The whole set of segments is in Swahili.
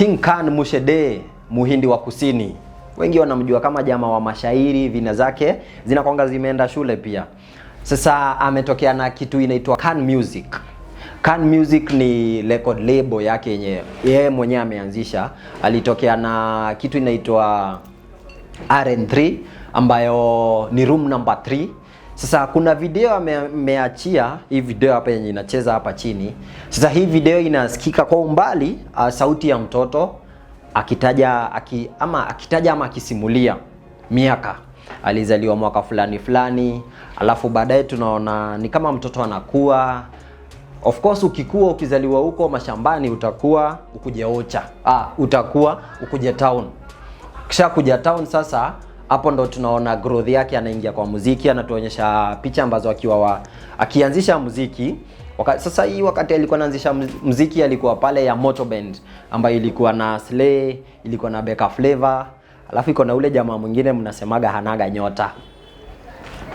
King Khan Mushede, Muhindi wa Kusini. Wengi wanamjua kama jamaa wa mashairi, vina zake zinakwanga zimeenda shule pia. Sasa ametokea na kitu inaitwa Khan Music. Khan Music ni record label yake yenye yeye mwenyewe ameanzisha. Alitokea na kitu inaitwa R&3 ambayo ni room number 3 sasa kuna video ameachia hii video hapa yenye inacheza hapa chini. Sasa hii video inasikika kwa umbali uh, sauti ya mtoto akitaja aki, ama akitaja ama akisimulia miaka alizaliwa mwaka fulani fulani, alafu baadaye tunaona ni kama mtoto anakuwa. Of course ukikua ukizaliwa huko mashambani utakuwa ukuje ocha ah, utakuwa ukuje town, kisha kuja town sasa hapo ndo tunaona growth yake, anaingia kwa muziki, anatuonyesha picha ambazo akiwa wa, akianzisha muziki waka, sasa hii wakati alikuwa anaanzisha muziki alikuwa pale ya Moto Band ambayo ilikuwa na Slay, ilikuwa na Beka Flavor, alafu iko na ule jamaa mwingine mnasemaga hanaga nyota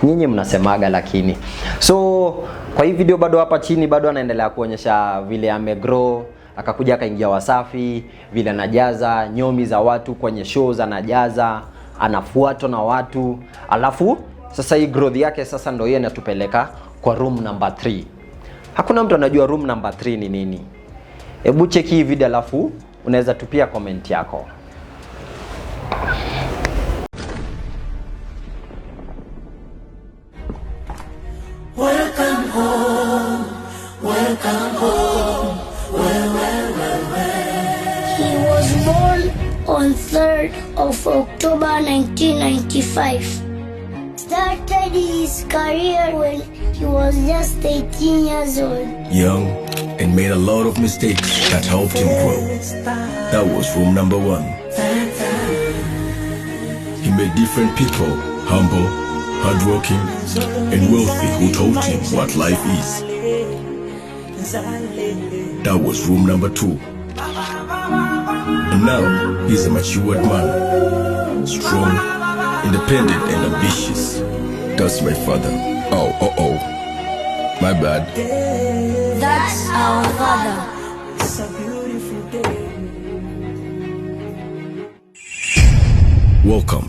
nyinyi mnasemaga lakini. So kwa hii video bado hapa chini bado anaendelea kuonyesha vile amegrow, akakuja akaingia Wasafi, vile anajaza nyomi za watu kwenye shows anajaza anafuatwa na watu, alafu sasa hii growth yake sasa ndio hiyo inatupeleka kwa room number 3. Hakuna mtu anajua room number 3 ni nini. Hebu cheki hii video alafu unaweza tupia comment yako. Welcome home, welcome home. Well, well, well, well. He was born on 3rd of October 1995. Started his career when he was just 18 years old. Young and made a lot of mistakes that helped him grow. That was room number one. He made different people humble, hardworking, and wealthy who told him what life is. That was room number two. Now, he's a matured man, strong, independent, and ambitious. That's my father. Oh, oh, oh. My bad. That's our father. It's a beautiful day. Welcome.